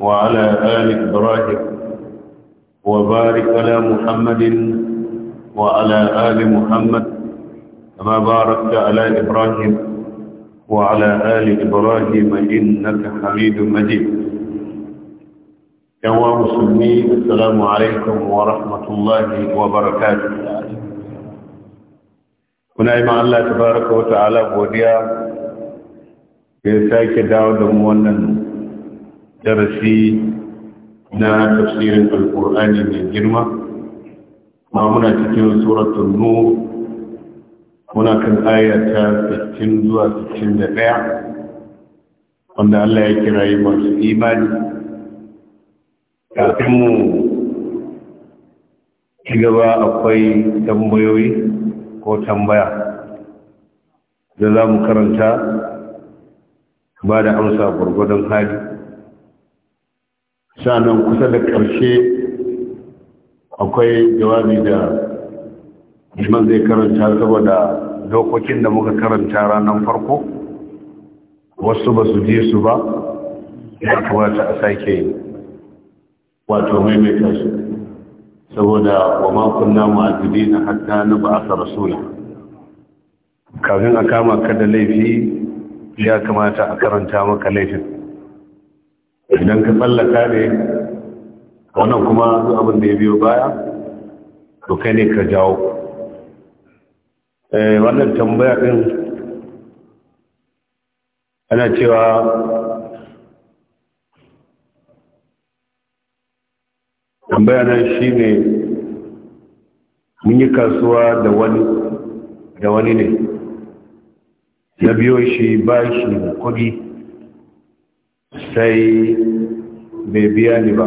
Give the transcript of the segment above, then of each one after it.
وعلى آل إبراهيم وبارك على محمد وعلى آل محمد كما باركت على إبراهيم وعلى آل إبراهيم إنك حميد مجيد يا مسلمين السلام عليكم ورحمة الله وبركاته kuna yi Allah tabaraka wa ta'ala godiya ya sake dawo da mu wannan darasi na tafsirin alkur'ani mai girma ma muna cikin suratun nu muna kan ayata 60 zuwa da 61 wanda Allah ya kira yi masu imani kafin mu ci gaba akwai tambayoyi ko tambaya da za mu karanta ba da amsa gwargwadon hali sanan kusa da ƙarshe akwai jawabi da liman zai karanta saboda dokokin da muka karanta ranar farko wasu ba su je su ba ya kamata a sake wato maimaita su saboda wa makunna ma'adudi na hatta na ba aka rasula kafin a kama ka da laifi ya kamata a karanta maka laifin idan ka tsallaka ne wannan kuma abin da ya biyo baya to kai ne ka jawo eh, wannan tambaya din ana cewa tambaya nan shi ne mun yi kasuwa da wani da wani ne na biyo shi ba shi kudi sai bai biya ni ba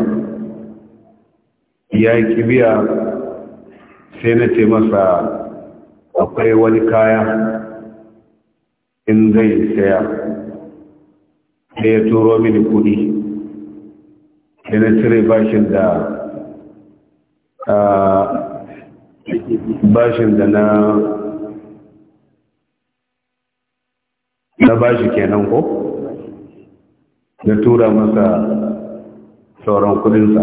ya yi biya sai na ce masa akwai wani kaya in zai saya sai ya turo mini kudi sai na cire bashin da bashin da na na bashi kenan ko? da tura masa sauran kudinsa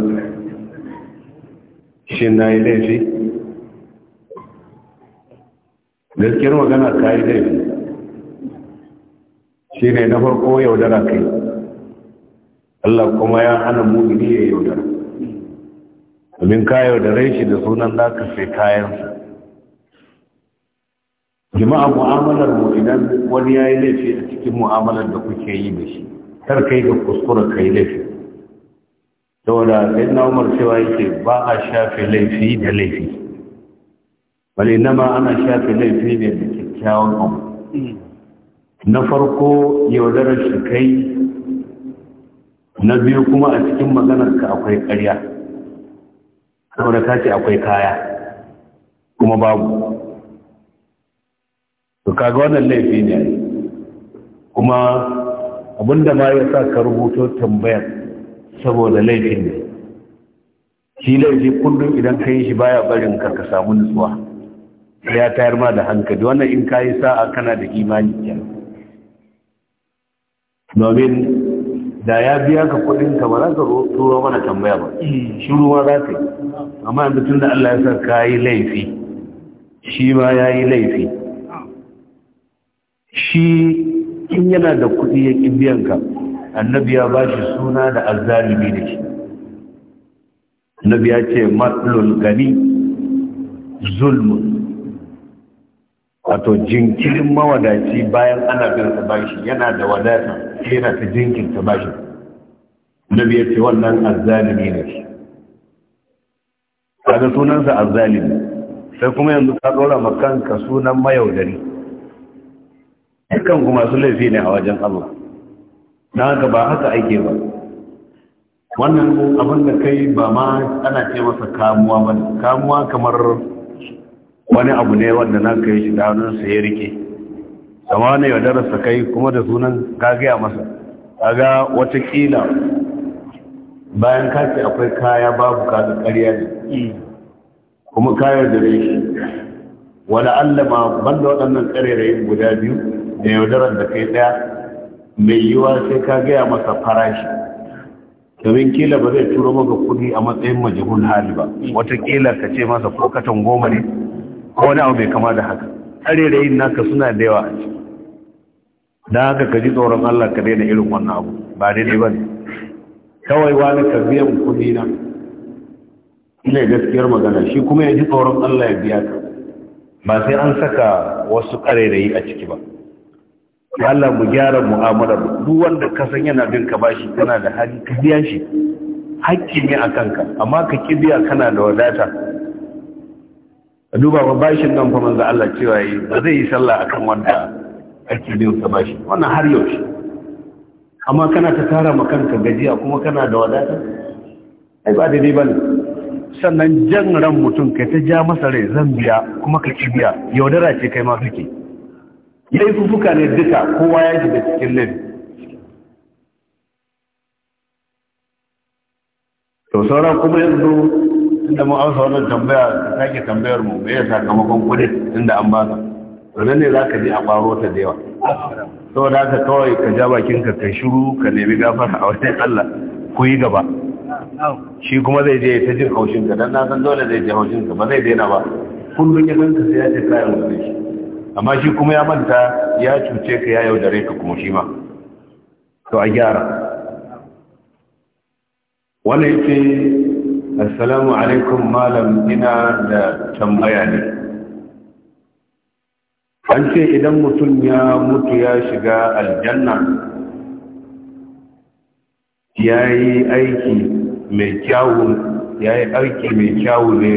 shi na yi laifi gaskiyar magana ka yi laifi shi ne na farko yaudara kai Allah kuma ya hana mumini ya yaudara domin ka yaudare shi da sunan za ka sai kayansa jima'a mu'amalar mu idan wani ya yi laifi a cikin mu'amalar da kuke yi da shi kar kai ga kuskura kai laifi saboda sai na umar cewa yake ba a shafe laifi da laifi bale ma ana shafe laifi ne da kyakkyawan abu na farko yaudarar shi kai na biyu kuma a cikin maganarka akwai ƙarya saboda ka ce akwai kaya kuma babu to kaga wannan laifi ne kuma abinda ma ya sa ka rubuto tambayar saboda laifin ne shi laifin kullum idan ka yi shi baya barin ka ka samu nutsuwa ya tayar ma da hankali wannan in ka yi sa'a kana da imani kyan domin da ya biya ka kudin ka ba za ka turo mana tambaya ba shi ruwa za ka yi amma yanzu tun da Allah ya sa ka yi laifi shi ma ya yi laifi shi in yana da kuɗi ya ƙi biyan ka annabi ya ba shi suna da azalibi da shi annabi ya ce matlul gani zulmun wato jinkirin mawadaci bayan ana bin sa bashi yana da wadata yana ta jinkirta bashi annabi ya ce wannan azalibi da shi kaga sunansa azzalimi sai kuma yanzu ka dora ma kanka sunan mayaudari dukkan ku masu laifi ne a wajen Allah na haka ba haka aike ba wannan abin da kai ba ma ana ce masa kamuwa ba kamuwa kamar wani abu ne wanda na kai shi da hannunsa ya rike sama ne darasa kai kuma da sunan gagaya masa kaga watakila bayan kace akwai kaya babu kaga ƙarya ne kuma kayar da shi wala allama banda waɗannan ƙarerayin guda biyu da yaudarar da kai daya mai yiwuwa sai ka gaya masa farashi domin kila ba zai turo maka kudi a matsayin majihun hali ba watakila ka ce masa ko katon goma ne ko wani abu mai kama da haka arerayin naka suna da yawa a ciki don haka ka ji tsoron allah ka daina irin wannan abu ba daidai ba ne kawai wani ka biyan kudi na ina gaskiyar magana shi kuma ya ji tsoron allah ya biya ka ba sai an saka wasu yi a ciki ba ya Allah mu gyara mu'amalar duk wanda ka san yana bin ka bashi kana da hali ka biya shi hakki ne a kanka amma ka kibiya biya kana da wadata ka duba ba bashin nan fa manzo Allah cewa yi ba zai yi sallah akan wanda ake bin ka bashi wannan har yaushe amma kana ta tara ma kanka gajiya kuma kana da wadata ai ba dai bane sannan jan ran mutum kai ta ja masa rai zan biya kuma ka kibiya biya yaudara ce kai ma kake fufuka ne duka kowa ya shiga cikin laifi to sauran kuma yanzu inda mu amsa wannan tambaya da sake tambayar mu me ya sakamakon kudin inda an baka nan ne zaka ji a baro ta da yawa da haka kawai ka ja bakin ka ka shiru ka nemi gafara a wajen Allah ku yi gaba shi kuma zai je ta jin haushin ka dan na san dole zai je haushin ka ba zai daina ba kullun ya san ka sai ya ce kai shi. amma shi kuma ya manta ya cuce ka ya yaudare ka kuma shi ma to a gyara wani yake assalamu alaikum malam ina da tambaya ne an ce idan mutum ya mutu ya shiga aljanna ya yi aiki mai kyawu ya yi aiki mai kyawu ne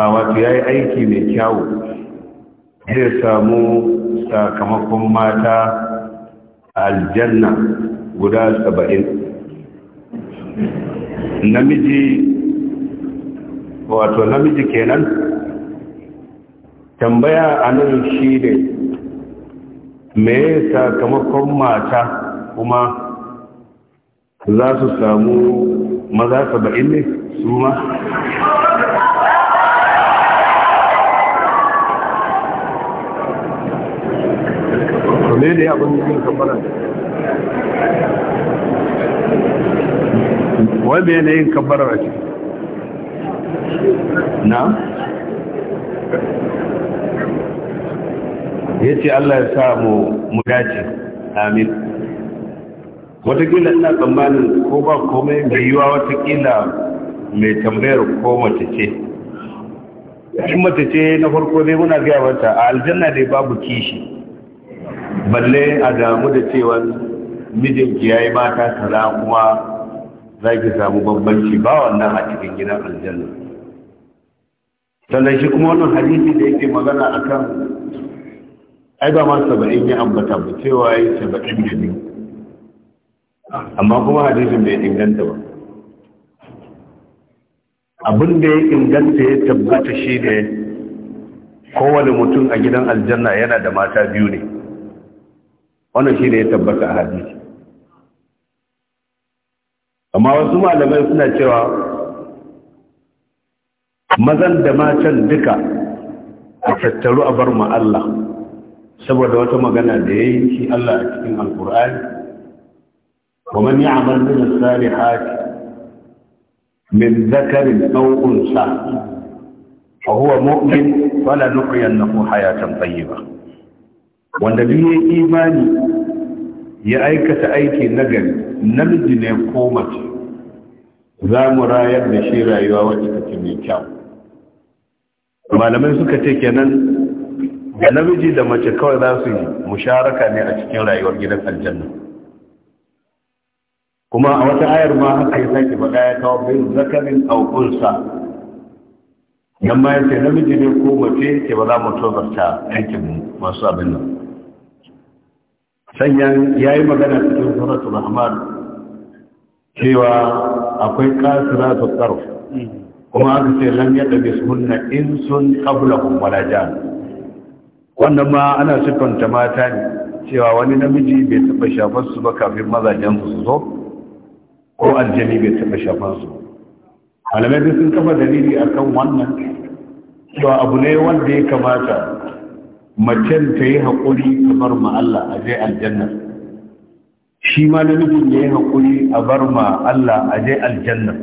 a wato ya yi aiki mai kyawu zai samu sakamakon mata aljanna guda saba'in namiji wato namiji kenan tambaya a nan shi ne me sakamakon mata kuma za su samu maza saba'in ne su ma da ya abin yin kafara wai me ne yin kafara a ciki na ya ce Allah ya sa mu dace amin watakila ina tsammanin ko ba komai mai yiwa watakila mai tambayar ko mace ce shi mace ce na farko dai muna gaya wata a aljanna dai babu kishi balle a damu da cewa mijinki ya yi mata kaza kuma za ki samu bambanci ba wannan a cikin gidan aljanna sannan shi kuma wannan hadisi da yake magana akan ai ba ma saba'in ya ambata ba cewa ya yi saba'in da biyu amma kuma hadisin bai inganta ba abin da ya inganta ya tabbata shi ne kowane mutum a gidan aljanna yana da mata biyu ne wannan shi ne ya tabbata a hadisi amma wasu malamai suna cewa mazan da matan duka a tattaru a bar Allah saboda wata magana da ya yi shi Allah a cikin alkur'ani ومن يعمل من a huwa mumin أو أنثى وهو مؤمن haya حياة ba wanda biye imani ya aikata aiki na gari, namiji ne ko mace za mu rayar da shi rayuwa wacce take mai kyau malamai suka ce kenan da namiji da mace kawai za su yi musharaka ne a cikin rayuwar gidan aljanna kuma a wata ayar ma haka ya sake faɗa ya kawo bin zakarin aukunsa yamma bayan ce namiji ne ko mace ke ba za mu tozarta yankin masu abin nan sanyan ya yi magana cikin suratul rahman cewa akwai kasira su tsaro kuma aka ce lan yadda bi sunna in sun qablahum wala jan wannan ma ana siffanta mata ne cewa wani namiji bai taba shafar su ba kafin mazajen su zo ko aljani bai taba shafar su malamai sun kafa dalili akan wannan cewa abu ne wanda ya kamata macen ta yi haƙuri ta bar ma Allah a je aljanna shi ma namijin ya yi haƙuri a bar ma Allah a je aljanna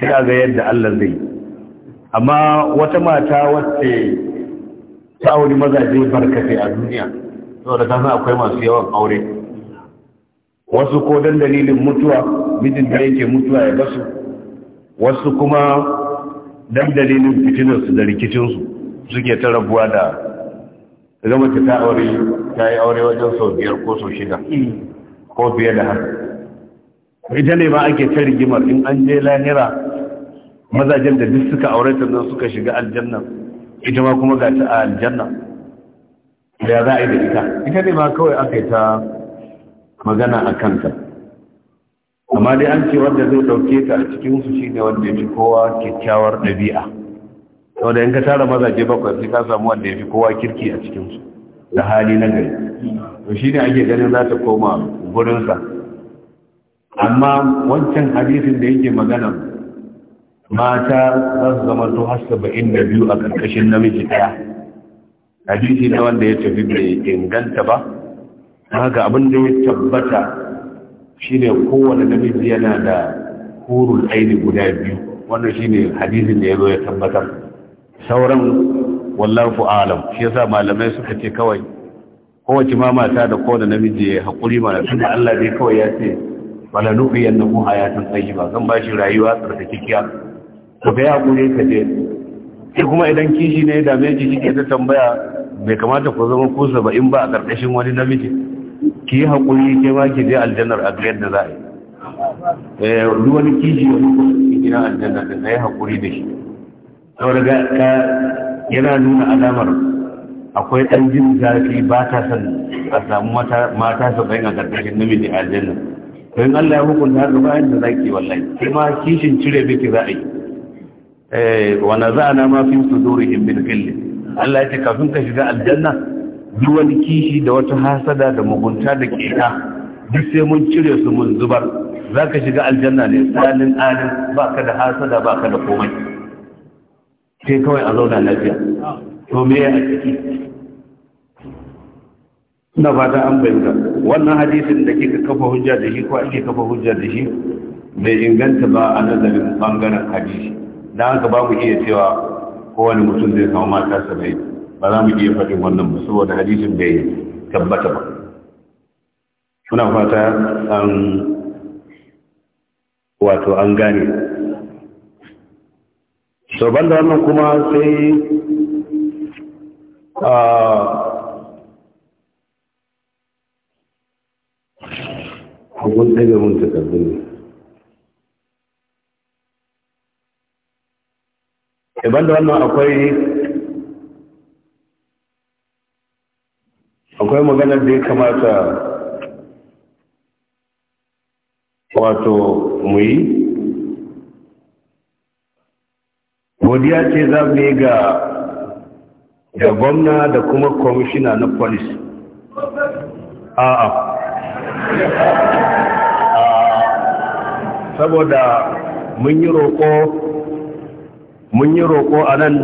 sai a ga yadda Allah zai amma wata mata wacce ta auri mazaje barkatai a duniya saboda ta san akwai masu yawan aure wasu ko dan dalilin mutuwa mijin da yake mutuwa ya basu wasu kuma dan dalilin fitinarsu da rikicinsu suke ta rabuwa da idan mace ta aure ta yi aure wajen sau biyar ko sau shida ko fiye da haka ita ne ba ake ta rigimar in an je lahira mazajen da duk suka aure ta nan suka shiga aljanna ita ma kuma ga ta a aljanna da za a yi da ita ita ne ma kawai aka yi ta magana a kanta amma dai an ce wanda zai ɗauke ta a cikinsu shi ne wanda ya fi kowa kyakkyawar ɗabi'a sau da in ka tara mazaje bakwai sai ka samu wanda ya fi kowa kirki a cikinsu da hali na gari to shi ne ake ganin za ta koma gurinsa amma wancan hadisin da yake magana mata za su zama to har saba'in da biyu a ƙarƙashin namiji ɗaya hadisi na wanda ya tafi bai inganta ba haka abin da ya tabbata shine kowane namiji yana da hurul aini guda biyu wannan shine hadisin da ya zo ya tabbatar sauran Wallafu alam shi yasa malamai suka ce kawai kowace ma mata da kowane namiji ya haƙuri mana tunda Allah ne kawai ya ce wala nufi yanna ku hayatun ba? zan ba shi rayuwa tsarkakekiya to kai haƙuri ka je sai kuma idan kishi ne da mai ji ke ta tambaya bai kamata ku zama ku saba'in ba a ƙarƙashin wani namiji ki yi haƙuri ke ma ki je aljannar a yadda za a yi eh, duk wani kishi wani kuma ki gina aljannar da na yi haƙuri da shi saboda ka yana nuna alamar akwai ɗan jin zafi ba ta san a samu mata saba'in a ƙarƙashin namiji a aljanna don allah ya hukunta haka bayan da zaki wallahi sai ma kishin cire biki za a yi eh, wa za na ma fi su zuri in bin gilli allah ya ce kafin ka shiga aljanna duk wani kishi da wata hasada da mugunta da keta duk sai mun cire su mun zubar za ka shiga aljanna ne tsanin alin ba ka da hasada ba ka da komai sai kawai a zauna lafiya to me ya ciki ba fata an bayyana wannan hadisin da kika kafa hujja da shi ko ake kafa hujja da shi bai inganta ba a nazarin bangaren hadisi da haka ba mu iya cewa kowane mutum zai samu mata sabai ba za mu iya faɗin wannan ba saboda hadisin bai tabbata ba muna fata an wato an gane to banda wannan kuma sai a ah, hukun daga mun ta ne iban eh, da wannan akwai akwai maganar da ya kamata wato mu yi godiya ce za mu yi ga da gwamna da kuma kwamishina na polis a'a saboda mun yi roƙo a nan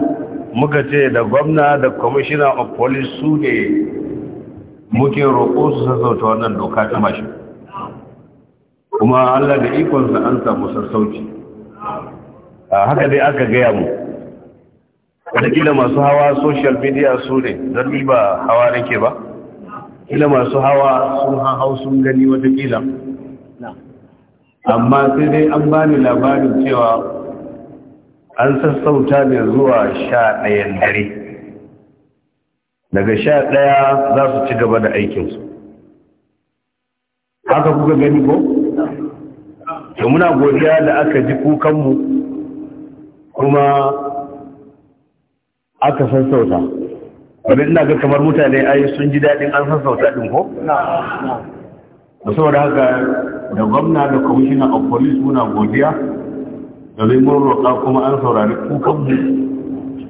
muka ce da gwamna da kwamishina of polis su ne muke roƙo su sassauta wannan doka ta mashi kuma allah da ikonsa an samu sassauci Ah, haka dai aka gaya mu wadda masu hawa social media su ne zarbi ba hawa nake ba kila masu hawa sun hau sun gani watakila amma sai dai an bani labarin cewa an sassauta ne zuwa sha ɗayan dare daga sha ɗaya za su ci gaba da aikinsu haka kuka gani ko? to muna godiya da aka ji kukanmu kuma aka sassauta Wani ina ga kamar mutane ai sun ji daɗin an sassauta ɗin ko? da saboda haka da gwamna da kwamishina a police muna godiya da zai mun roƙa kuma an saurari kukanmu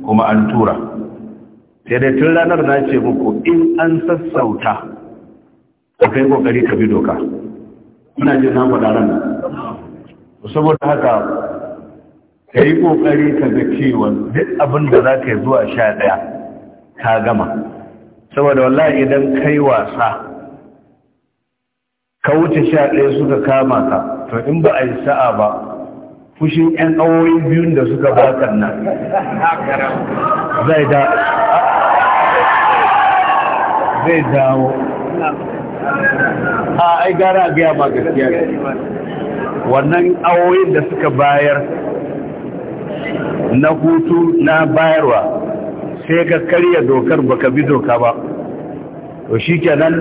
kuma an tura sai dai tun ranar na ce muku in an sassauta ka kai kokari ka bi doka muna jin na faɗa ranar saboda haka ka yi ƙoƙari ka ga cewa duk abin da za ka yi zuwa sha ɗaya ka gama saboda wallahi idan kai wasa ka wuce sha ɗaya suka kama ka to in ba a yi sa'a ba fushin 'yan awoyi biyun da suka bakar nan zai da zai dawo a ai gara a gaya ma gaskiya wannan awoyin da suka bayar na hutu na bayarwa sai ka karya dokar baka bi doka ba to shi kenan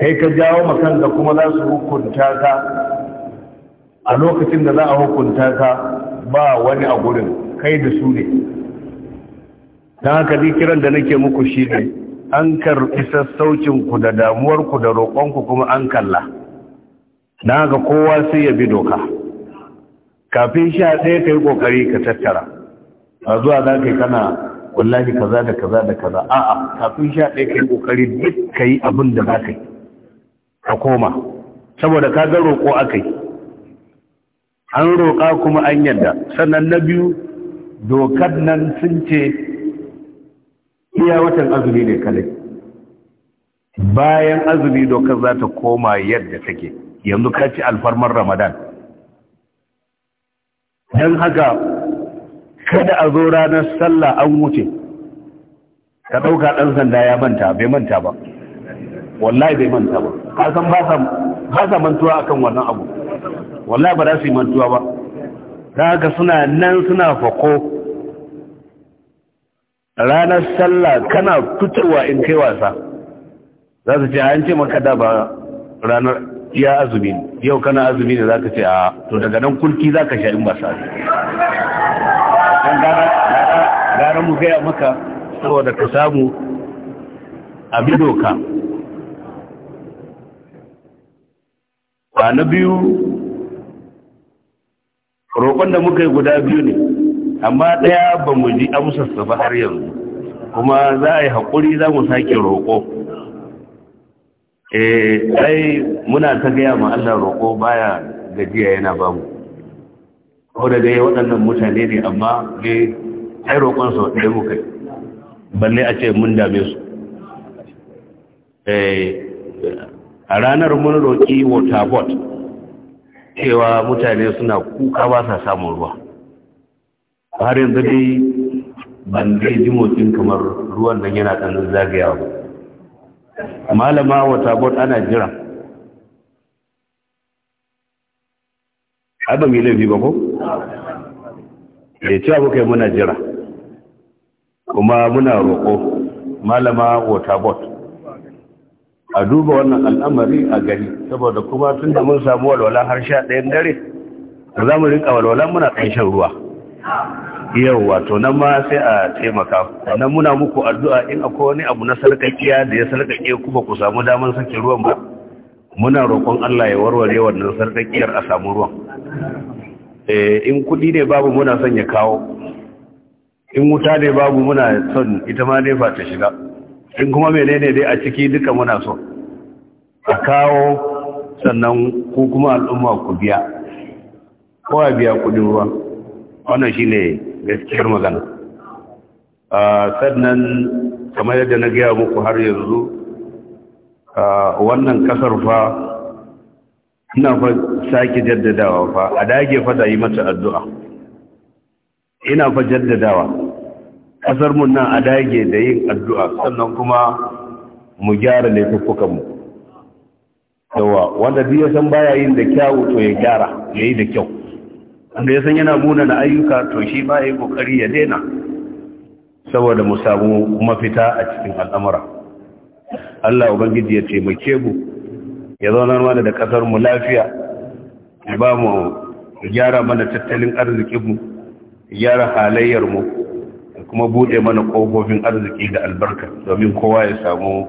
kai ka jawo makan da kuma za su hukunta ka a lokacin da za a hukunta ka ba wani a gurin kai da su ne don haka kiran da nake muku shi ne an karɓi ku da damuwarku da roƙonku kuma an kalla na ga kowa sai ya bi doka kafin sha ɗaya ka yi ƙoƙari ka tattara a zuwa za ka yi kana wallahi kaza da kaza da kaza a'a kafin sha ɗaya ka yi ƙoƙari duk ka yi abin da za ka yi ka koma saboda ka ga roƙo aka yi an roƙa kuma an yadda sannan na biyu dokar nan sun ce iya watan azumi ne kalai bayan azumi dokar za ta koma yadda take yanzu ka ci alfarmar ramadan don haka kada a zo ranar sallah an wuce ka ɗauka ɗan sanda ya manta bai manta ba wallahi bai manta ba kasan ba sa mantuwa akan wannan abu wallahi ba za su yi mantuwa ba ta haka suna nan suna fako ranar sallah kana fitowa in kai wasa za su ce an ce maka da ba ranar ya azumi yau kana azumi ne ka ce a to daga nan kulki za sha in ba sa dan gara mu gaya maka saboda ka samu abi doka ba na biyu roƙon da muka yi guda biyu ne amma ɗaya ba mu ji amsarsa ba har yanzu kuma za a yi haƙuri za mu sake roƙo eh ai muna ta gaya ma Allah roko baya gajiya yana ba mu ko da dai waɗannan mutane ne amma ne ai roƙon su ɗaya muka balle a ce mun dame su eh a ranar mun roƙi bot cewa mutane suna kuka ba sa samun ruwa har yanzu dai ban dai ji motsin kamar ruwan nan yana ɗan zagayawa ba malama wata bot ana jira haɗa ba mu laifi ba ko ya eh, cewa muka yi muna jira kuma muna roƙo malama wata bot a duba wannan al'amari a gari saboda kuma tun da mun samu walwala har sha ɗayan dare za mu rinka walwala muna shan ruwa yau wato nan ma sai a taimaka nan muna muku addu'a in akwai wani abu na sarkakiya da ya sarkake kuma ku samu damar sake ruwan ba muna roƙon Allah ya warware wannan sarkakiyar a samu ruwan eh, in kuɗi ne babu muna son ya kawo in wuta ne babu muna son ita ma nefa ta shiga in kuma menene dai a ciki duka muna so a kawo sannan ku kuma al'umma ku biya Ko a biya kuɗin ruwa wannan shi ne. gaskiyar magana sannan kamar yadda na gaya muku har yanzu wannan kasar fa ina fa sake jaddadawa fa a dage fa da yi mata addu'a ina fa jaddadawa kasar mun nan a dage da yin addu'a sannan kuma mu gyara laifukanmu yawa wanda biyu san baya yin da kyawu to ya gyara ya yi da kyau wanda ya san yana muna na ayyuka to shi ba ya yi kokari ya daina saboda mu samu mafita a cikin al'amura Allah ubangiji ya ce taimake mu ya zauna mana da kasar mu lafiya ya ba mu gyara mana tattalin arziki mu gyara halayyar mu kuma bude mana kofofin arziki da albarka domin kowa ya samu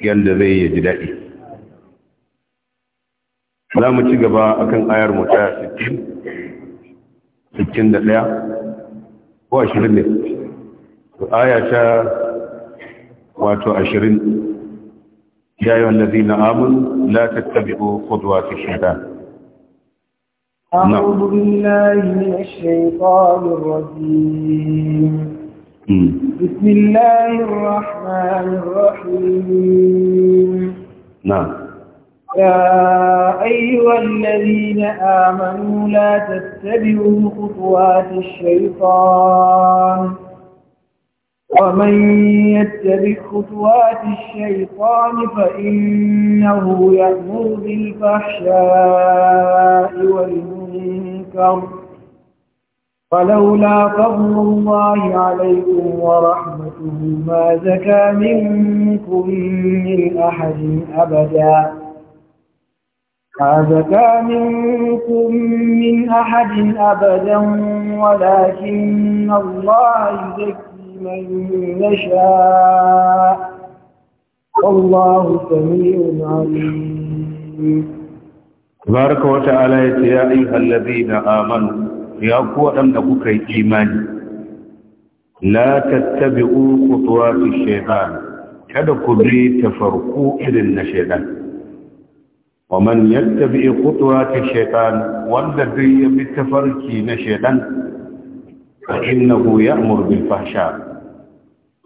yadda zai yi ji daɗi za mu ci gaba akan ayar mu ta 61 ko 20 ne aya ta wato 20 ya yi wallazi na amun la tattabi'u khudwati shaitan أعوذ بالله من الشيطان الرجيم بسم الله الرحمن الرحيم نعم يا أيها الذين آمنوا لا تتبعوا خطوات الشيطان ومن يتبع خطوات الشيطان فإنه يأمر بالفحشاء والمنكر فلولا فضل الله عليكم ورحمته ما زكى منكم من أحد أبداً ما منكم من أحد أبدا ولكن الله يزكي من نشاء والله سميع عليم بارك وتعالى يا أيها الذين آمنوا يا قوة أنك إيمان لا تتبعوا خطوات الشيطان كدك بي تفرقوا tafarku irin wa man yattabi khutuwati shaiɗan, wanda duk ya bi tafarki na shaytan fa innahu ya'muru bil fahsha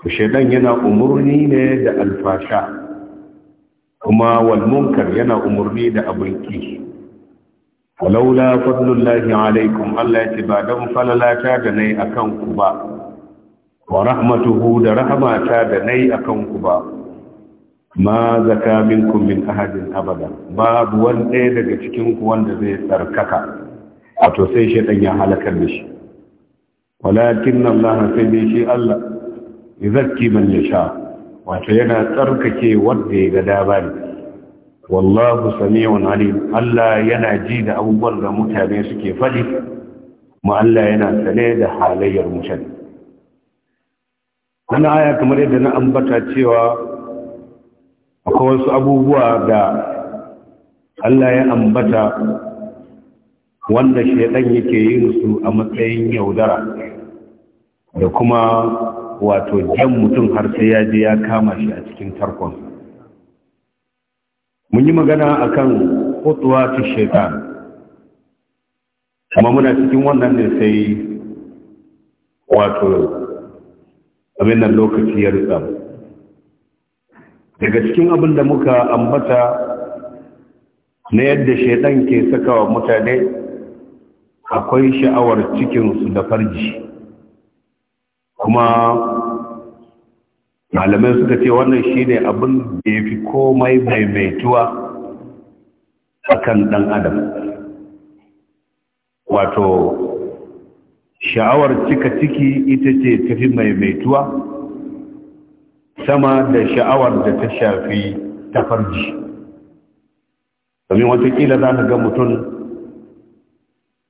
shaytan yana umarni ne da al kuma wal munkar yana umarni da abin ki walaula fadlullahi alaikum Allah ya ce ba dan falalata da nayi akan ku ba wa rahmatuhu da rahmata da nayi akan ku ba ma zaka minkum min ahadin abada babu wani daga cikin ku wanda zai tsarkaka wato sai shaitan ya halakar da shi walakin Allah sai dai shi Allah yuzakki man yasha wato yana tsarkake wanda ya ga dabari wallahu sami'un alim Allah yana ji da abubuwan da mutane suke faɗi kuma Allah yana sane da halayyar mutane wannan aya kamar yadda na ambata cewa akwai wasu abubuwa da Allah ya ambata wanda shaidan yake yin su a matsayin yaudara da kuma wato jan mutum har sai ya je ya kama shi a cikin tarkon mun yi magana akan kutuwa ta shaitan kuma muna cikin wannan ne sai wato abin nan lokaci ya rutsa daga cikin abin da muka ambata na yadda shaidan ke saka wa mutane akwai sha'awar cikinsu da farji kuma malamai suka ce wannan shi ne abin da ya fi komai maimaituwa a kan ɗan adam wato sha'awar cika ciki ita ce tafi maimaituwa sama da sha'awar da ta shafi ta farji domin watakila za ka ga mutum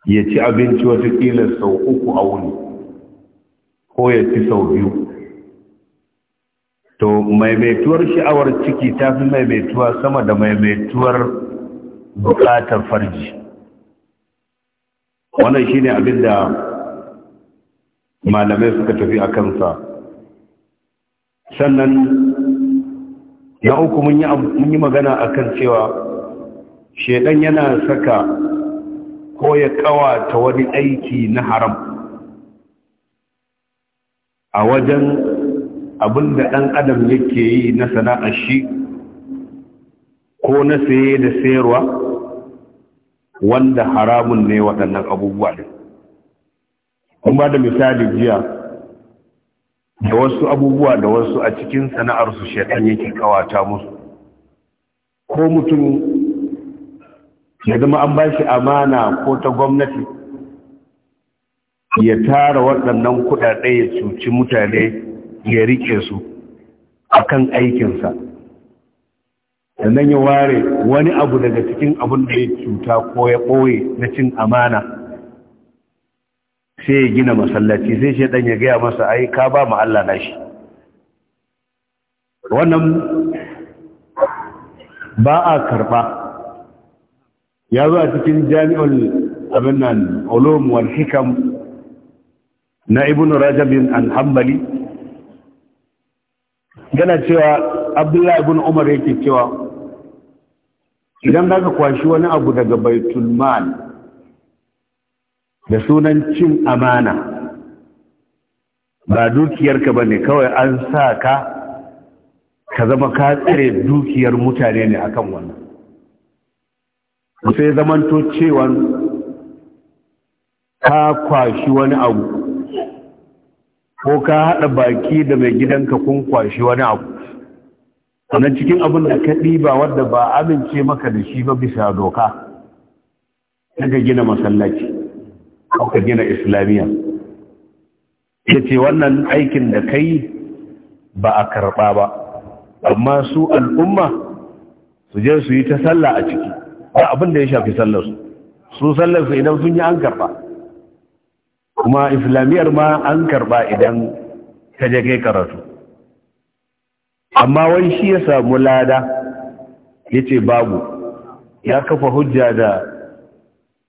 ya ci abinci watakila sau uku a wuni ko ya ci sau biyu to maimaituwar sha'awar ciki ta fi maimaituwa sama da maimaituwar bukatar farji wannan shi ne abin da malamai suka tafi a kansa sannan na uku mun yi magana akan cewa shedan yana saka ko ya ta wani aiki na haram a wajen abinda da ɗan adam yake yi na sana'a shi ko na saye da sayarwa wanda haramun ne waɗannan abubuwa ne. kuma ba da misali jiya da wasu abubuwa da wasu a cikin sana'arsu shaitan yake kawata musu ko mutum ya zama an ba shi amana ko ta gwamnati ya tara waɗannan kuɗaɗe ya cuci mutane ya riƙe su akan kan aikinsa sannan ya ware wani abu daga cikin abin da ya cuta ko ya ɓoye na cin amana sai ya gina masallaci sai ɗan ya gaya masa ai ka ba mu Allah na shi. wannan ba a karba ya zo a cikin jami'ul abin nan ulum wal hikam na ibnu rajab bin hanbali yana cewa abdullahi ibn umar yake cewa idan zaka kwashi wani abu daga baitul mal da sunan cin amana ba dukiyarka ba ne kawai an sa ka ka zama ka tsare dukiyar mutane ne akan wannan sai zamanto cewa ka kwashi wani abu ko ka haɗa baki da mai gidanka kun kwashi wani abu sannan cikin abin da ka ɗiba wanda ba amince maka da shi ba bisa doka daga gina masallaci aka gina islamiyya ya ce wannan aikin da kai ba a karɓa ba amma su al'umma su je su yi ta sallah a ciki ba abin da ya shafi sallarsu su sallarsu idan sun yi an karɓa kuma islamiyyar ma an karɓa idan ka je kai karatu amma wai shi ya samu lada ya ce babu ya kafa hujja da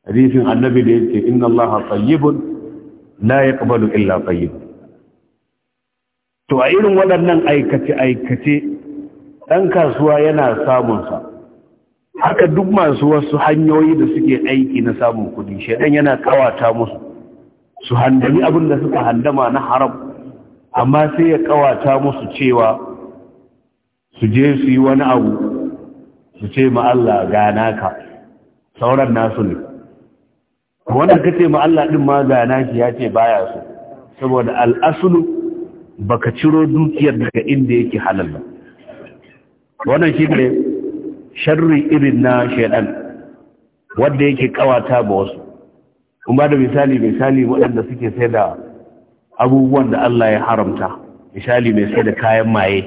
hadisin annabi da yake inna allaha tayyibun la yaqbalu illa tayyib to a irin waɗannan aikace aikace dan kasuwa yana samun sa haka duk masu wasu hanyoyi da suke aiki na samun kudi shedan yana kawata musu su handami abin da suka handama na haram amma sai ya kawata musu cewa su je su yi wani abu su ce ma Allah gana ka sauran nasu ne wanda kace ma Allah ɗin ma ga nashi ya ce baya su. saboda al'aslu baka ciro dukiyar daga inda yake halal ba wannan shi ne sharri irin na shaidan wanda yake kawata ba wasu kuma da misali misali waɗanda suke sai da abubuwan da Allah ya haramta misali mai sai da kayan maye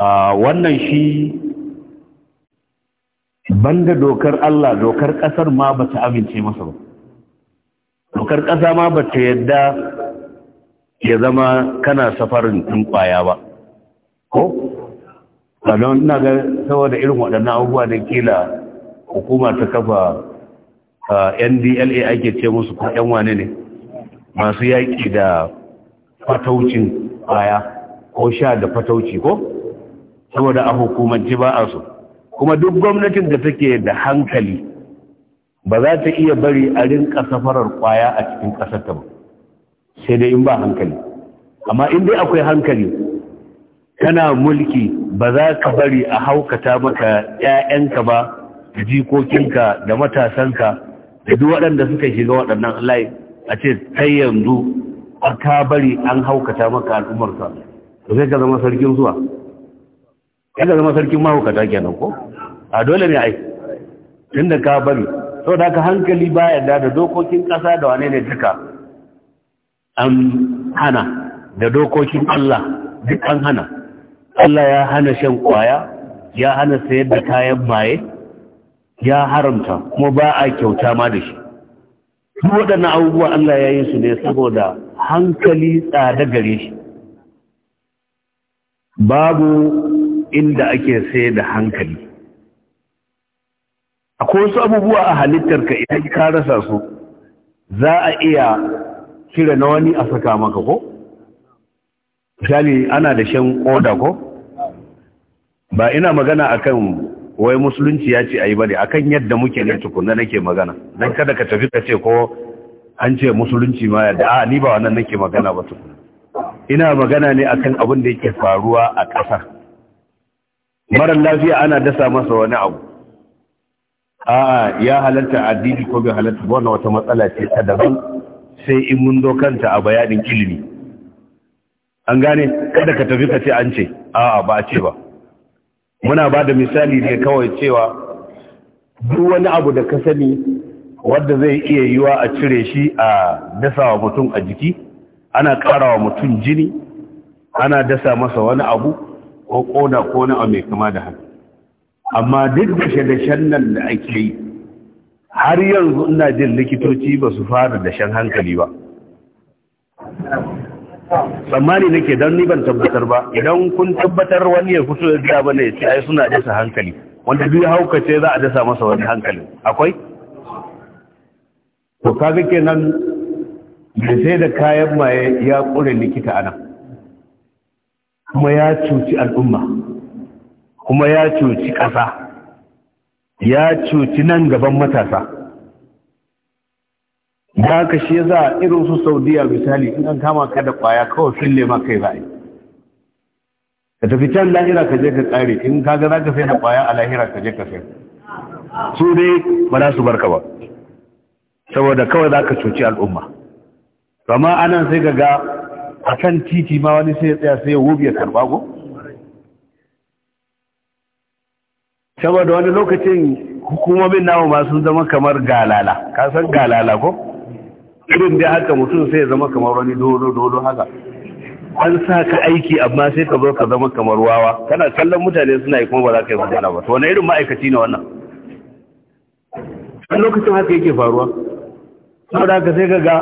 ah, wannan shi banda dokar Allah dokar kasar ma bata amince masa ba dokar kasa ma bata yadda ya zama kana safarin ɗin ƙwaya ba ko don ina ga saboda irin waɗannan abubuwa da kila hukuma ta kafa ndla ake ce musu ko yan wane ne masu yaƙi da fataucin ƙwaya ko sha da fatauci ko saboda a hukumance ba a so kuma duk gwamnatin da take da hankali ba za ta iya bari a rinka safarar kwaya a cikin ƙasar ta ba sai dai in ba hankali amma in dai akwai hankali kana mulki ba za ka bari a haukata maka 'ya'yanka ba da jikokinka da matasanka da duk waɗanda suka shiga waɗannan layi a ce kai yanzu ka bari an haukata maka al'ummarka ba sai ka zama sarkin zuwa ya zama sarkin mahaukata kenan ko a dole ne ai da ka bari sau da aka hankali baya da da dokokin kasa da wane ne duka an hana da dokokin Allah duk an hana Allah ya hana shan kwaya ya hana sayar da kayan maye ya haramta kuma ba a kyauta ma da shi duk waɗannan abubuwa Allah ya yi su ne saboda hankali tsada gare shi babu inda ake sai da hankali akwai wasu abubuwa a halittar ka idan ka rasa su za a iya kira na wani a saka maka ko? misali ana da shan koda ko? ba ina magana akan wai musulunci ya ce a yi bane akan yadda muke ne tukunan nake magana don kada ka tafi ka ce ko an ce musulunci ma yadda a ni ba wannan nake magana ba tukuna ina magana ne akan abin da yake faruwa a ƙasar. marar lafiya ana dasa masa wani abu a'a ya halatta addini ko bai halatta ba wata matsala ce ta daban sai in mun dokanta a bayanin ilimi an gane kada ka tafi ka ce an ce a'a ba a ce ba muna ba da misali ne kawai cewa duk wani abu da ka sani wanda zai iya yiwa a cire shi a dasawa mutum a jiki ana karawa mutum jini ana dasa masa wani abu ko koda ko na mai kama da haka amma duk da shadashen nan da ake yi har yanzu ina jin likitoci ba su fara da shan hankali ba tsammani nake don ni ban tabbatar ba idan kun tabbatar wani ya fito da gida bane ya ce ai suna dasa hankali wanda duk haukace za a dasa masa wani hankali akwai to kaga kenan da sai da kayan maye ya kure likita anan kuma ya cuci al'umma kuma ya cuci ƙasa ya cuci nan gaban matasa Ya ka shi za irin su saudiya misali in an kama ka da ƙwaya kawai sun lema kai ba'i ka tafi can lahira ka je ka tsare in ka ga ka sai da ƙwaya a lahira ka je ka sai su dai ba za su barka ba saboda kawai za ka cuci al'umma amma anan sai ka ga a kan titi ma wani sai ya tsaya sai ya wubi ya karba ko saboda wani lokacin hukumomin nawa ma sun zama kamar galala ka san galala ko irin da haka mutum sai ya zama kamar wani dolo dolo haka an sa ka aiki amma sai ka zo ka zama kamar wawa kana kallon mutane suna yi kuma ba za ka yi magana ba to wani irin ma'aikaci ne wannan a lokacin haka yake faruwa saboda haka sai ka ga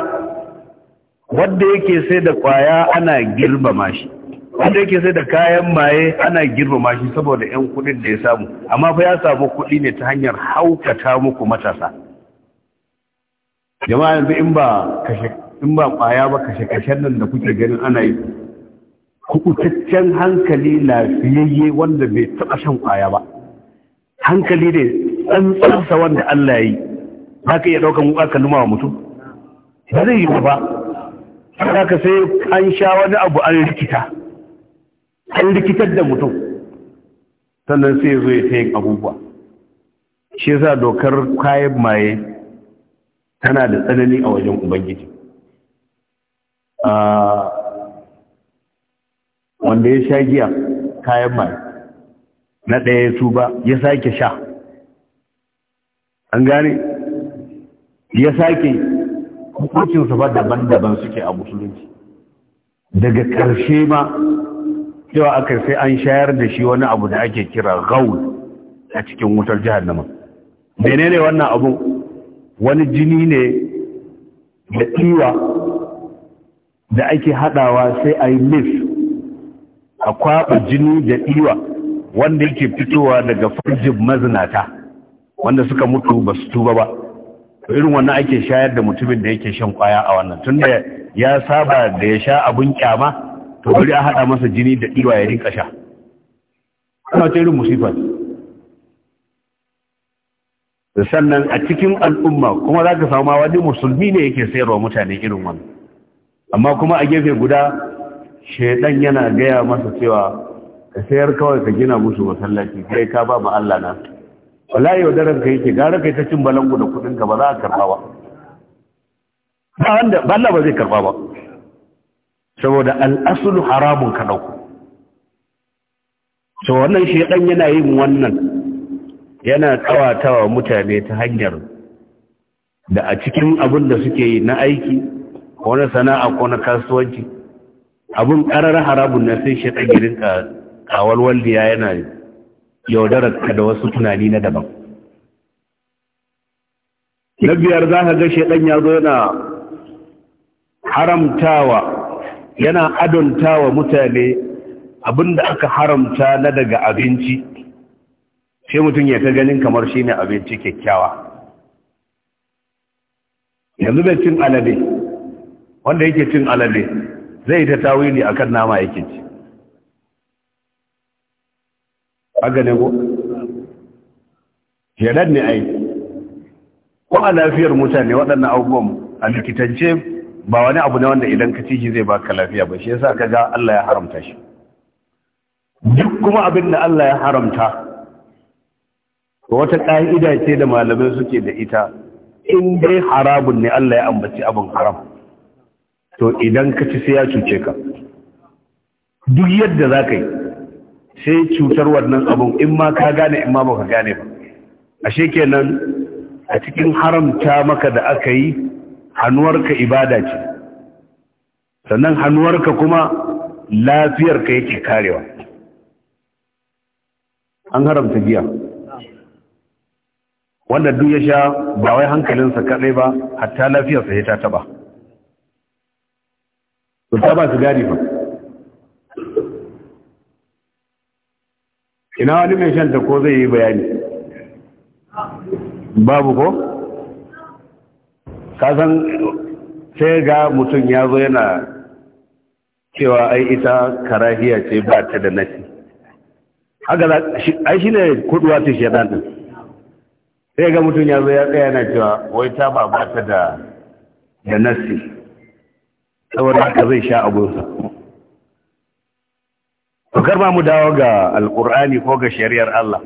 wanda yake sai da kwaya ana girmama shi wanda yake sai da kayan maye ana girmama shi saboda 'yan kudin da ya samu amma fa ya samu kudi ne ta hanyar haukata muku matasa jama'a yanzu in ba kashe in ba kwaya ba kashe kashen nan da kuke ganin ana yi kubutaccen hankali lafiyayye wanda bai taɓa shan kwaya ba hankali ne tsantsansa wanda Allah ya yi za ka iya ɗaukan wuka ka numa wa mutum ba zai yi ba haka sai an sha wani abu an rikita an rikitar da mutum sannan sai zo ya ta yin abubuwa shi yasa dokar kayan maye tana da tsanani a wajen ubangiji wanda ya sha giya kayan maye na ɗaya su ba ya sake sha an gane ya sake su ba daban-daban suke a musulunci daga ƙarshe ma cewa aka sai an shayar da shi wani abu da ake kira gaul a cikin wutar jihar nama menene wannan abu wani jini ne da iwa da ake hadawa sai a yi mif a kwaba jini da iwa wanda yake fitowa daga farjin mazinata wanda suka mutu ba su tuba ba to irin wannan ake shayar da mutumin da yake shan kwaya a wannan tunda ya saba da ya sha abun kyama to bari a hada masa jini da diwa ya rinka sha ana ta irin musifa sannan a cikin al'umma kuma za ka samu wani musulmi ne yake sayarwa mutane irin wannan amma kuma a gefe guda shaidan yana gaya masa cewa ka sayar kawai ka gina musu masallaci sai ka ba ma Allah na wallahi daren ka yake gara kai ta cin balangu da kudin ka ba za a karba ba ba wanda ba Allah ba zai karba ba saboda al'asulu haramun ka dauko so wannan dan yana yin wannan yana tsawatawa mutane ta hanyar da a cikin abin da suke yi na aiki ko na sana'a ko na kasuwanci abin karar haramun na sai shaɗa girin ka kawalwal yana yi yaudararka da wasu tunani na daban na biyar za ka ga shaidan ya zo yana haramtawa yana adontawa mutane abinda aka haramta na daga abinci sai mutum ya ta ganin kamar shi ne abinci kyakkyawa yanzu mai cin alade wanda yake cin alade zai ta tawili akan nama yake ci haka ne ko shedan ne ai ko a lafiyar mutane waɗannan abubuwan a likitance ba wani abu ne wanda idan ka ci zai baka lafiya ba shi yasa ka ga Allah ya haramta shi duk kuma abin da Allah ya haramta wata ƙa'ida ce da malamai suke da ita in dai harabun ne Allah ya ambaci abin haram to idan ka ci sai ya cuce ka duk yadda za ka yi sai cutar wannan abun in ma ka gane in ma ba ka gane ba ashe kenan a cikin haramta maka da aka yi hannuwarka ibada ce sannan hannuwarka kuma lafiyarka yake karewa an haramta giya wanda duk ya sha ba wai hankalinsa kaɗai ba hatta lafiyarsa ya ta taba su ta ba su gane ba ina wani mai shanta ko zai yi bayani babu ko kasan sai ga mutum ya zo yana cewa ai ita karahiya ce ba ta da nasi haka ai shi ne kuduwa ta shaɗan ɗin sai ga mutum ya zo ya tsaya yana cewa wai ta ba ba ta da nasi saboda haka zai sha abunsa to ba mu dawo ga alkur'ani ko ga shari'ar Allah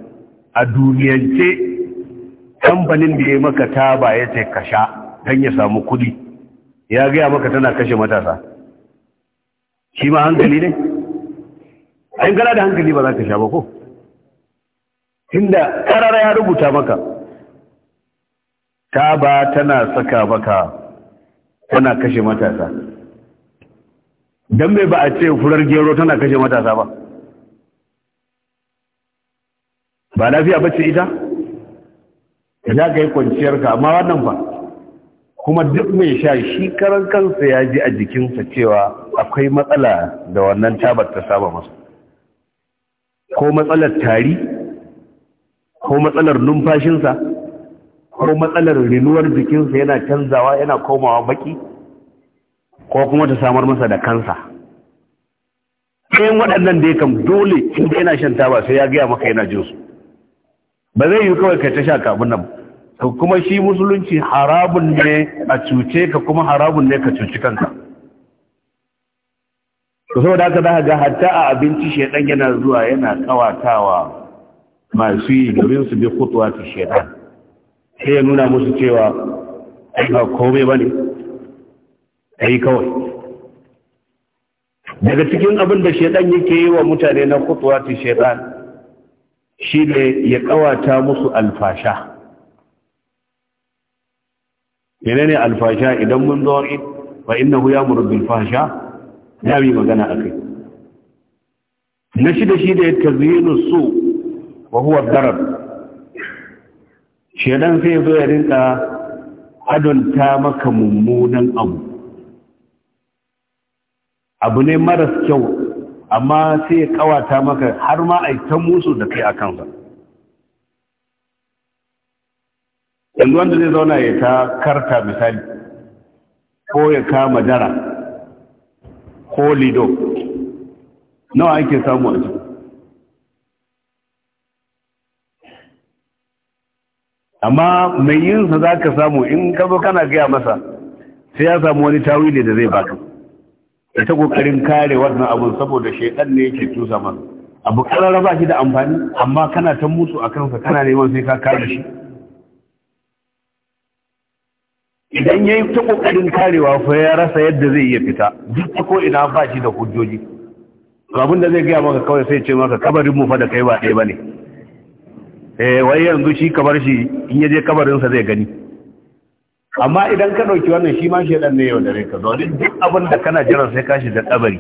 a duniyance kamfanin da ya maka taba ya ce ka sha don ya samu kudi ya gaya maka tana kashe matasa shi ma hankali ne a yin gana da hankali ba za ka sha ba ko inda karara ya rubuta maka taba tana saka maka tana kashe matasa don mai ba a ce furar gero tana kashe matasa ba ba lafiya bace ita da za ka yi kwanciyarka amma wannan ba kuma duk mai sha shi karan kansa ya ji a jikinsa cewa akwai matsala da wannan tabar ta saba masa ko matsalar tari ko matsalar numfashinsa ko matsalar rinuwar jikinsa yana canzawa yana komawa baki ko kuma ta samar masa da kansa ɗayan waɗannan da ya kam dole inda yana shan taba sai ya gaya maka yana jinsu ba zai yi kawai ka ta sha kafin nan ka kuma shi musulunci harabun ne a cuce ka kuma harabun ne ka cuci kanka to da haka za ga hatta a abinci shaidan yana zuwa yana kawatawa masu yi domin su bi kutuwa ta shedan sai ya nuna musu cewa ai ba komai ba ne ai kawai daga cikin abin da shedan yake yi wa mutane na kutuwa ta shi ne ya kawata musu alfasha yana ne alfasha idan mun zo fa innahu ya murbin fasha ya yi magana a kai. na shida shi da ya tazyinu su wa huwa darar shedan sai zo ya rinka adonta maka mummunan abu abu ne maras kyau amma sai ya kawata maka har ma a ta musu da kai a kansa yanzu wanda zai zauna ya ta karta misali ko ya kama dara ko lido nawa ake samu a ciki amma mai yinsa za ka samu in ka kana gaya masa sai ya samu wani tawili da zai baka ya ta kokarin kare wannan abun saboda shaidan ne yake tusa masa abu karara ba shi da amfani amma kana ta musu a kansa kana neman sai ka kare shi idan ya yi ta kokarin karewa fa ya rasa yadda zai iya fita duk ta ko ina ba shi da hujjoji abin da zai gaya maka kawai sai ce maka kabarin mu fa da kai ba ɗaya ba ne eh wai yanzu shi kabar shi in ya je kabarinsa zai gani amma idan ka ɗauki wannan shi ma shaidan ne yau da rai ka domin duk abin da kana jiran sai ka shiga kabari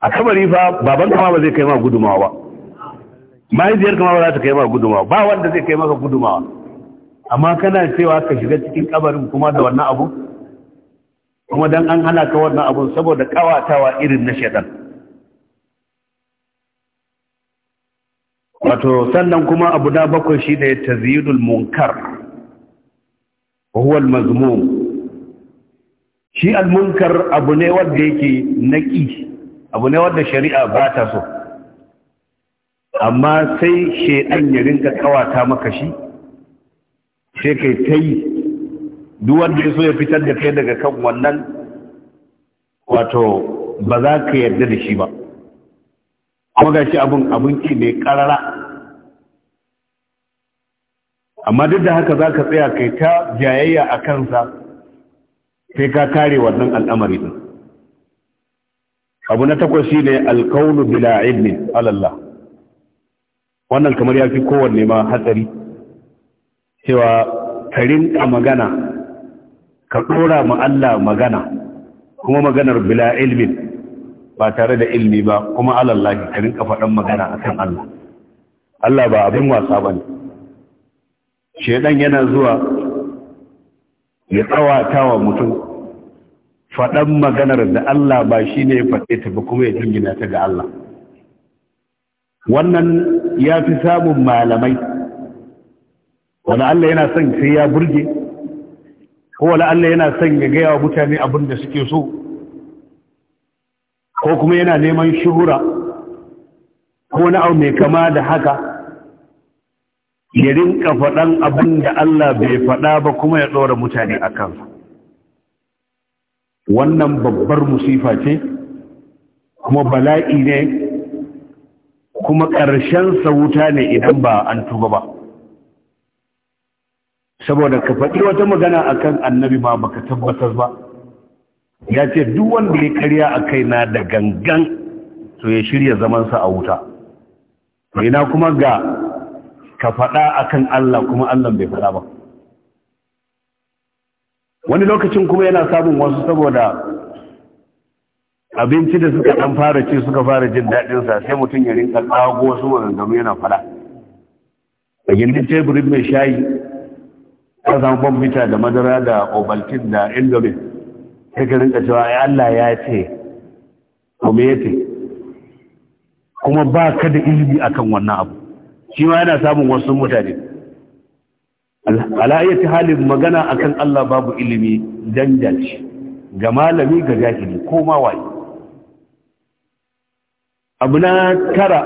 a kabari fa baban kama ba zai kai ma gudumawa ba mahaifiyar kama ba za ta kai ma gudumawa ba wanda zai kai maka gudumawa amma kana cewa ka shiga cikin kabarin kuma da wannan abu kuma dan an hana ka wannan abun saboda kawatawa irin na shaɗan? wato sannan kuma abu na bakwai shine tazyidul munkar wa huwa al-mazmum shi al-munkar abu ne wanda yake naki abu ne wanda shari'a bata so amma sai shedan ya rinka kawata maka shi sai kai tai duk wanda ya so ya fitar da kai daga kan wannan wato ba za ka yarda da shi ba kuma gashi abun abun ki ne karara amma duk da haka za ka tsaya kai ta jayayya a kansa sai ka kare wannan al'amari din abu na takwas shi ne alkaunu bila ilmin alallah wannan kamar ya fi kowanne ma hatsari cewa ka rinka magana ka ɗora ma Allah magana kuma maganar bila ilmin ba tare da ilmi ba kuma alallahi ka rinka faɗan magana akan Allah Allah ba abin wasa ba ne shedan yana zuwa ya tsawata wa mutum faɗan maganar da Allah ba shi ne faɗe ta ba kuma ya jingina ta ga Allah wannan ya fi samun malamai wani Allah yana son sai ya burge ko wani Allah yana son ya gaya wa mutane abin da suke so ko kuma yana neman shuhura ko na abu mai kama da haka ya rinka faɗan abin da Allah bai faɗa ba kuma ya ɗora mutane a kansa wannan babbar musifa ce kuma bala'i ne kuma ƙarshen wuta ne idan ba an tuba ba saboda ka faɗi wata magana akan annabi ma baka tabbatar ba ya ce duk wanda ya karya a kai na da gangan to ya shirya zamansa a wuta ina kuma ga ka faɗa akan Allah kuma Allah bai faɗa ba wani lokacin kuma yana samun wasu saboda abinci da suka ɗan fara ci suka fara jin daɗinsa sai mutum ya rinka ƙago wasu maganganu yana faɗa a gindin teburin mai shayi ta zama bambita da madara da obaltin da indomin sai ka rinka cewa ai Allah ya ce kuma ya ce kuma ba ka da ilimi akan wannan abu shi ma yana samun wasu mutane alayyati halin magana a kan Allah babu ilimi don jalci ga malami ga jahili ko ma abu na tara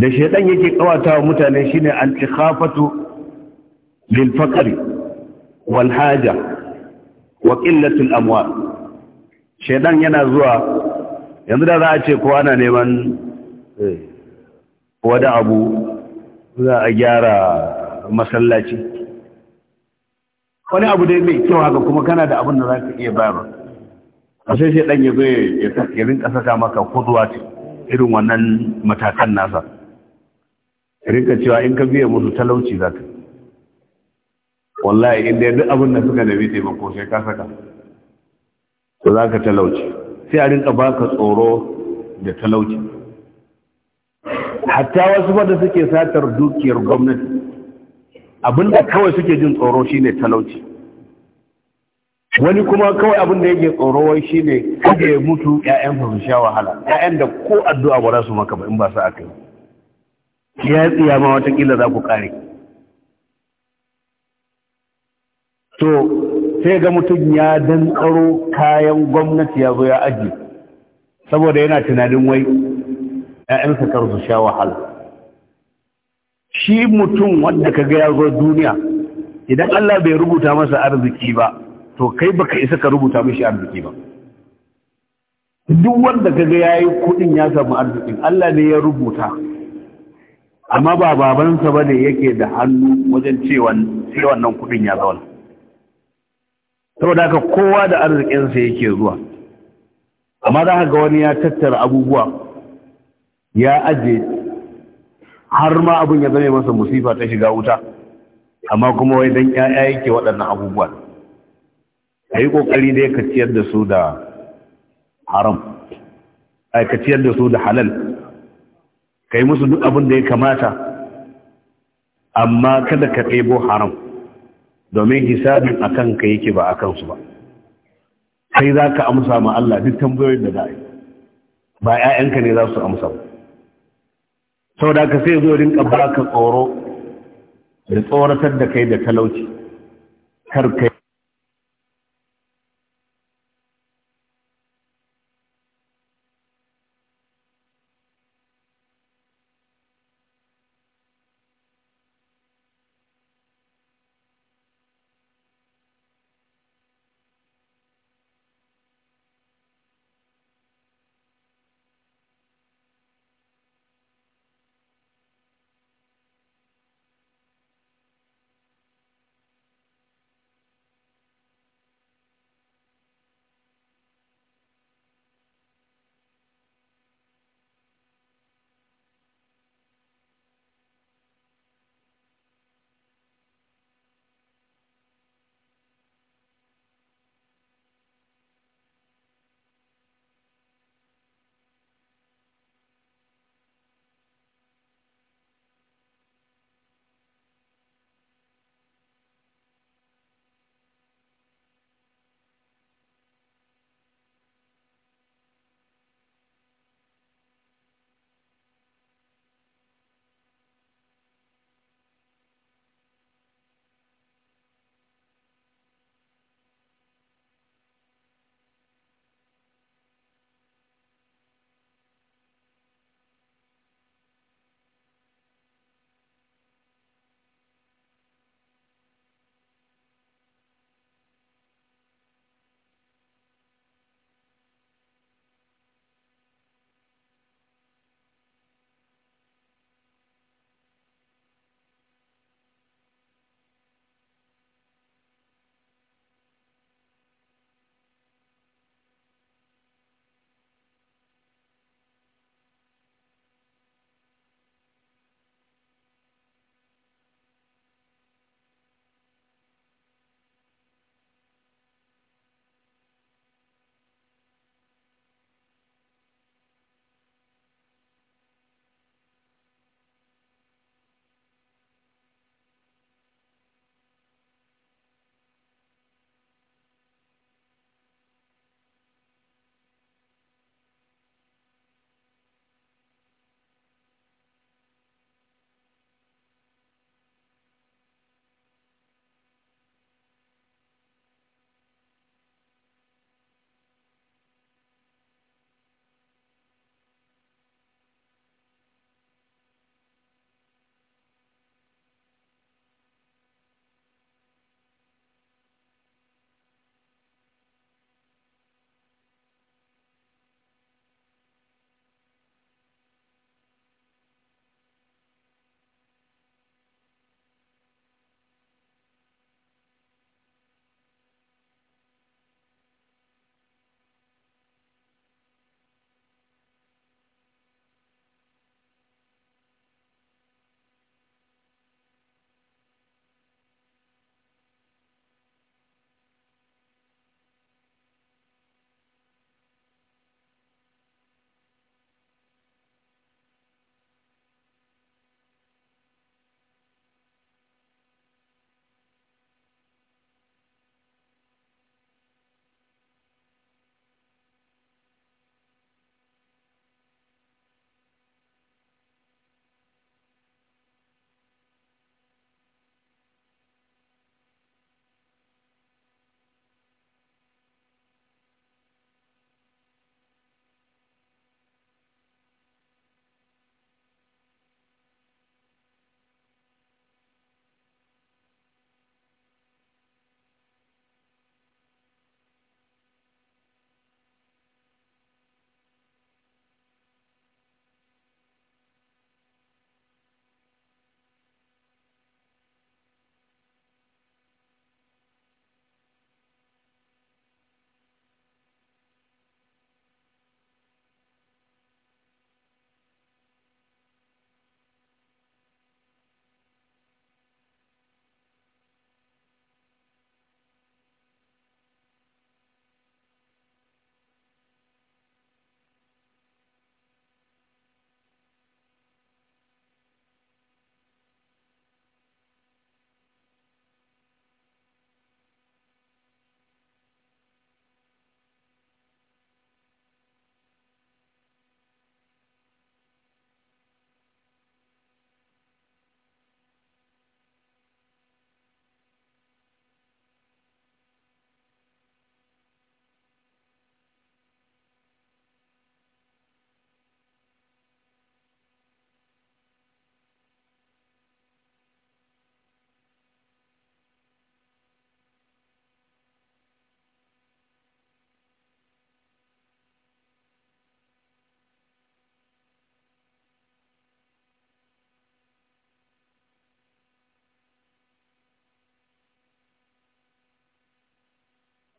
da shaidan yake kawata wa mutane shi ne an lil lilfakari walhaja, wa amuwa shaidan yana zuwa yanzu da za a ce kowa na neman eh, wani abu za a gyara masallaci wani abu dai mai kyau haka kuma kana da abin da za ka iya bayarwa a sai sai ɗan yago ya rinka saka maka kuduwa irin wannan matakan nasa rinka cewa in ka biya musu talauci za ka wallahi inda duk abin da suka nabi taimako sai ka saka za ka talauci sai a rinka baka tsoro da talauci hatta wasu wadda suke satar dukiyar gwamnati abinda kawai suke jin tsoro shine talauci wani kuma kawai abin da yake tsoro wai shine kada ya mutu ƴaƴan su sha wahala ƴaƴan da ko addu'a ba za su maka ba in ba su aka yi ya tsiya ma kila za ku kare to sai ga mutum ya dan tsaro kayan gwamnati ya zo ya aji saboda yana tunanin wai ‘ya'yansa kar su sha wahala shi mutum wanda kaga ya zo duniya idan Allah bai rubuta masa arziki ba to kai baka isa ka rubuta mashi arziki ba duk wanda ka ga ya yi kudin ya samu arzikin Allah ne ya rubuta amma ba babansa ba ne yake da hannu wajen cewa sai wannan kudin ya zauna saboda haka kowa da arzikinsa yake zuwa amma za ka ga wani ya tattara abubuwa ya aje har ma abin ya zame masa musifa ta shiga wuta amma kuma wai dan ƴaƴa yake waɗannan abubuwa a yi ƙoƙari dai ka ciyar da su da haram a ka ciyar da su da halal ka yi musu duk abin da ya kamata amma kada ka ɗebo haram domin hisabin a kan ka yake ba a kansu ba Sai za ka amsa ma Allah duk tambayoyin da za ba ‘ya'yanka ne za su amsa ba da ka sai zo rinka ka tsoro da tsoratar da kai da talauci kar kai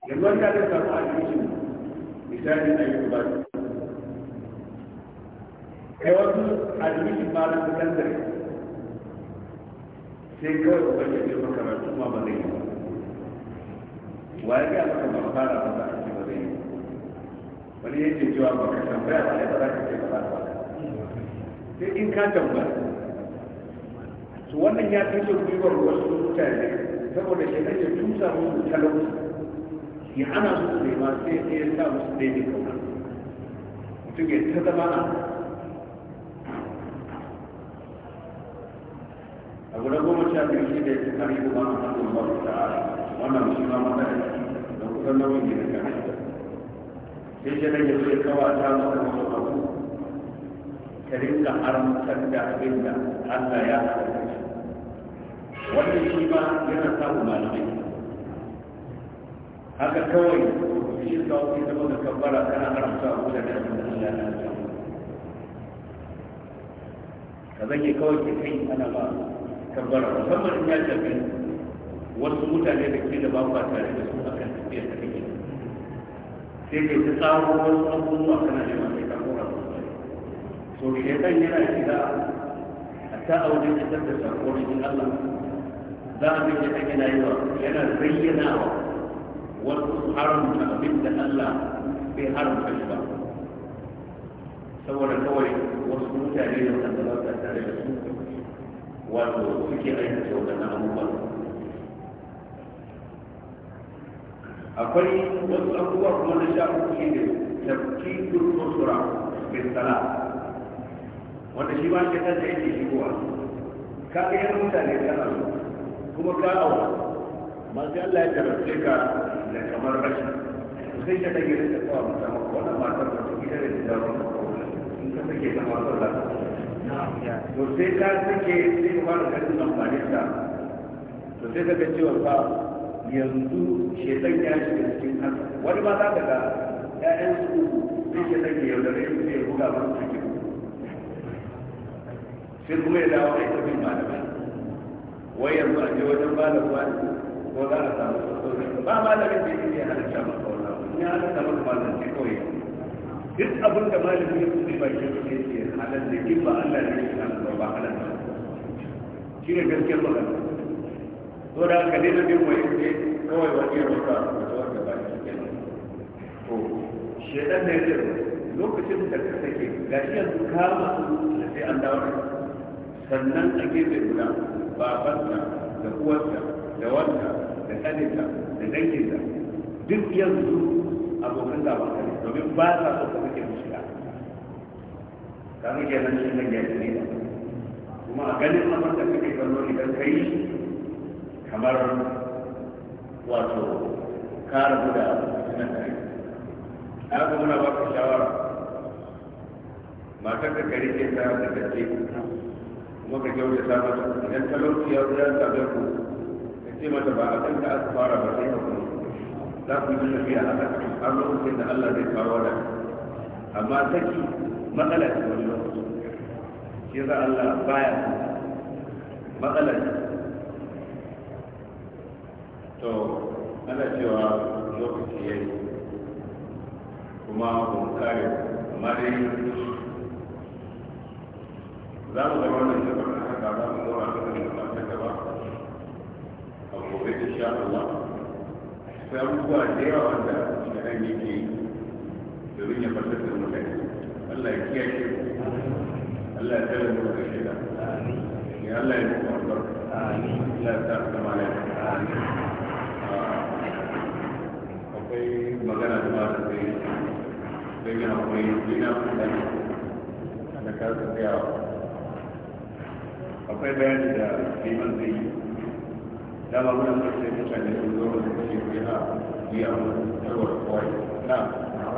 yanzu an kada samu admission misali na yi ba kai wasu admission ba na secondary sai kawai ba ya ce makarantu ma ba zai yi ba wa ya gaya maka ba fara ba za a ce ba zai yi wani yake cewa ba ka tambaya ba ba za ka ce ba za ka sai in ka tambaya su wannan ya kashe gwiwar wasu mutane saboda shi ne ya tusa musu talauci ya ana musu ne ma sai ya sa musu ne ne kuma mutum ya ta zama na a guda goma sha biyu shi da ya fi kari kuma a kan kuma ba ta wannan shi ma mata da shi da kusan nauyin ne da kan sai shi ne ya ce kawata masa wasu abu ka rinka haramtar da abin da Allah ya haɗa wannan shi ma yana samun malamai haka kawai shi ka wuce da wanda kabbara kana haramta abu da nan da Allah na ta ka zake kawai ke kai ana ba kabbara musamman in ya tafi wasu mutane da ke da ba tare da su kan tafiya ta kake sai kai ta tsaro wasu abubuwa kana neman sai ka kora su so shekan yana shiga ta aure da tabbata ko ne Allah za a bi da yana yi wa yana bayyana wa wasu haramta abin da Allah bai haramta shi ba saboda kawai wasu mutane da wanda ba sa tare da su wato suke aikata waɗannan abubuwa akwai wasu abubuwa kuma na sha uku shi ne tafkidul usra bin salat wanda shi ba shi kanta yake shigowa ka ga yan mutane kana kuma ka awa amma sai Allah ya tarbe ka da kamar rashin sai ka dage da tsawa musamman wannan matar da take da da in ka take da matar da to sai ka take sai ka fara ganin amfanin ta to sai ka ga cewa fa yanzu shedan ya shiga cikin haka wani ba za ƴaƴan su sai shedan ya yaudare su ne buga ba su cikin sai kuma ya dawo aikacin malamai wai yanzu a je wajen malam ko za a samu sosai ba ma da kake yi ne halitta ba kauna in ya halitta ba kuma zan ce kawai duk abin da malami ya kuɗi ba shi ne ke halatta in ba Allah ne ya halatta ba halatta shi ne gaskiyar magana to da ka daina bin wani ne kawai wani ya rota ta wanda ba shi ke to shedan ne ya lokacin da ka sake gashi yanzu kama da sai an dawo sannan a gefe guda babanka da uwarka da wanda da kanita da danginta duk yanzu abokan gaba ne domin ba sa so ka kake mushiya ka kake nan shi nan ya ne kuma a ganin amar da kake kallo idan ka yi kamar wato ka guda da sunan kare na kuma muna ba ka shawara matar da gari ke tsara da gaske kuma ka kyauta ta mata idan talauci ya wuce ta ku sai mata ba a kan ta aka fara ba sai hakuri za ku yi tafiya haka har lokacin da Allah zai kawo da amma saki matsala ce wani lokaci shi za Allah baya matsala ce to ana cewa lokaci ya yi kuma kun kare amma dai za mu zama wannan shafarar da yawa wanda da nan yake domin ya fatar da mutane Allah ya kiyaye Allah ya tsare mu daga shida ya Allah ya muku albarka Allah ya tsare da malaya ah, akwai magana da ba ta zai don yana kuma yin gina da ka tsaya akwai bayani da liman zai yi dama muna sosai mutane sun zo da suke biya tarwar kwari na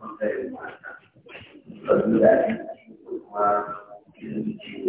wanda ya mata. Saboda kuma ilimin ciwo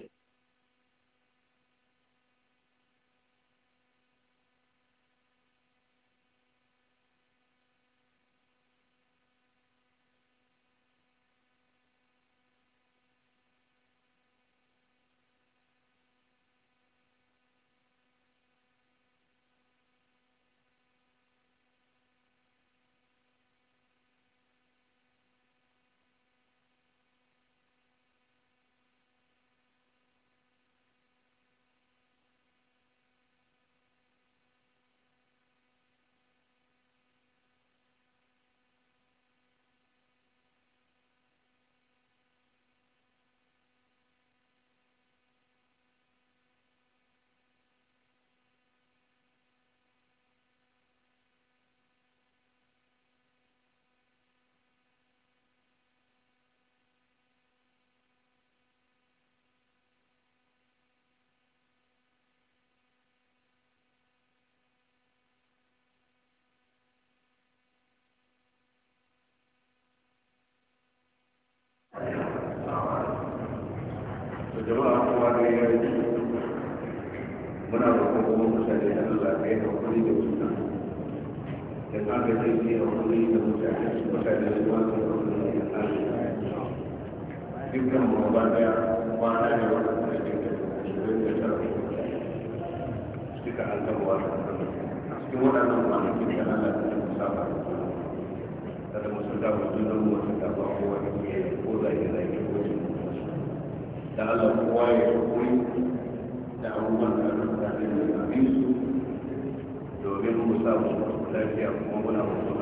da jama'a kowa da ya yi muna da kuma mutane da Allah da ya hakuri da juna da kan da zai yi hakuri da mutane mutane su ma su hakuri da Allah da mu ba da kwana da wata da ke da shirin da ta suka an tabbata cikin waɗannan kwanakin da Allah ta saba da kada mutum da mutum da ruwa ta ko wani ke ko da ya zai ko shi da Allah kowa ya koyi da abubuwan da aka tafi da abin su domin mu samu lafiya kuma muna mutum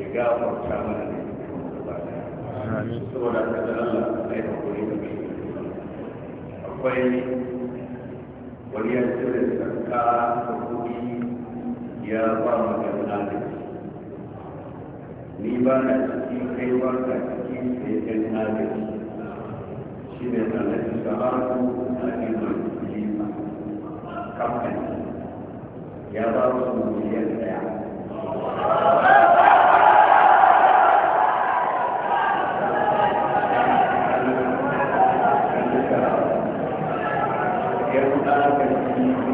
ya gafarta mana ne saboda ka da Allah ai hakuri da shi akwai wani yanzu da ka kuɗi ya ba mu da ni ba na ciki kai ba ka ciki sai kai na da shi ne tsallaci sabatu na neman lima kamfani ya ba su miliyan daya Thank you.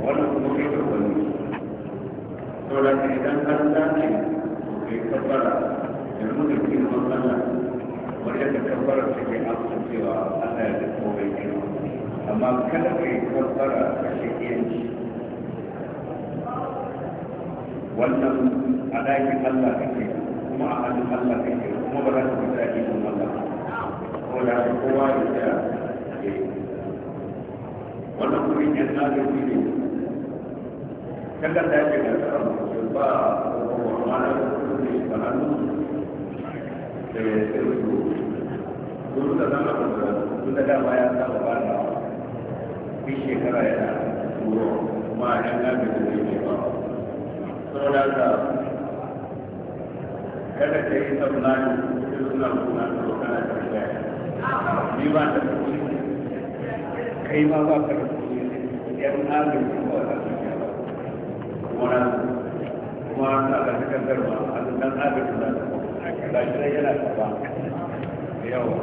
wannan kuma kai ka wani saboda ka idan an dace kai kabbara da nuna girman Allah wanda ka kabbara take amsa cewa Allah ya dafa mai girma amma kada kai kabbara ke shakiyanci wannan a ɗakin Allah kake kuma a hannun Allah kake kuma ba za ka fita ikon Allah ko da kowa ya ya yi wannan kuma yin yadda ne kakan da yake da ba ko ma na ne ba na da ya ce su duk da nan ba duk da dama ya sa ba da bi shekara yana turo kuma yan gabe da ne ba ka kada ka yi tsammani suna kuna da kana da ni ba da kai ma ba ka da yan agaji ba kuma na kuma na ga takardar ba a nan agajin za ta ba shi dai yana tafa yawa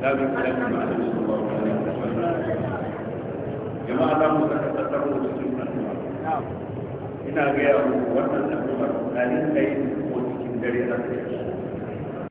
za mu kula da su ba wani jama'a za mu saka tattar wasu cikin addu'a ina ga yawo wannan addu'ar na yin kai ko cikin dare na ta yi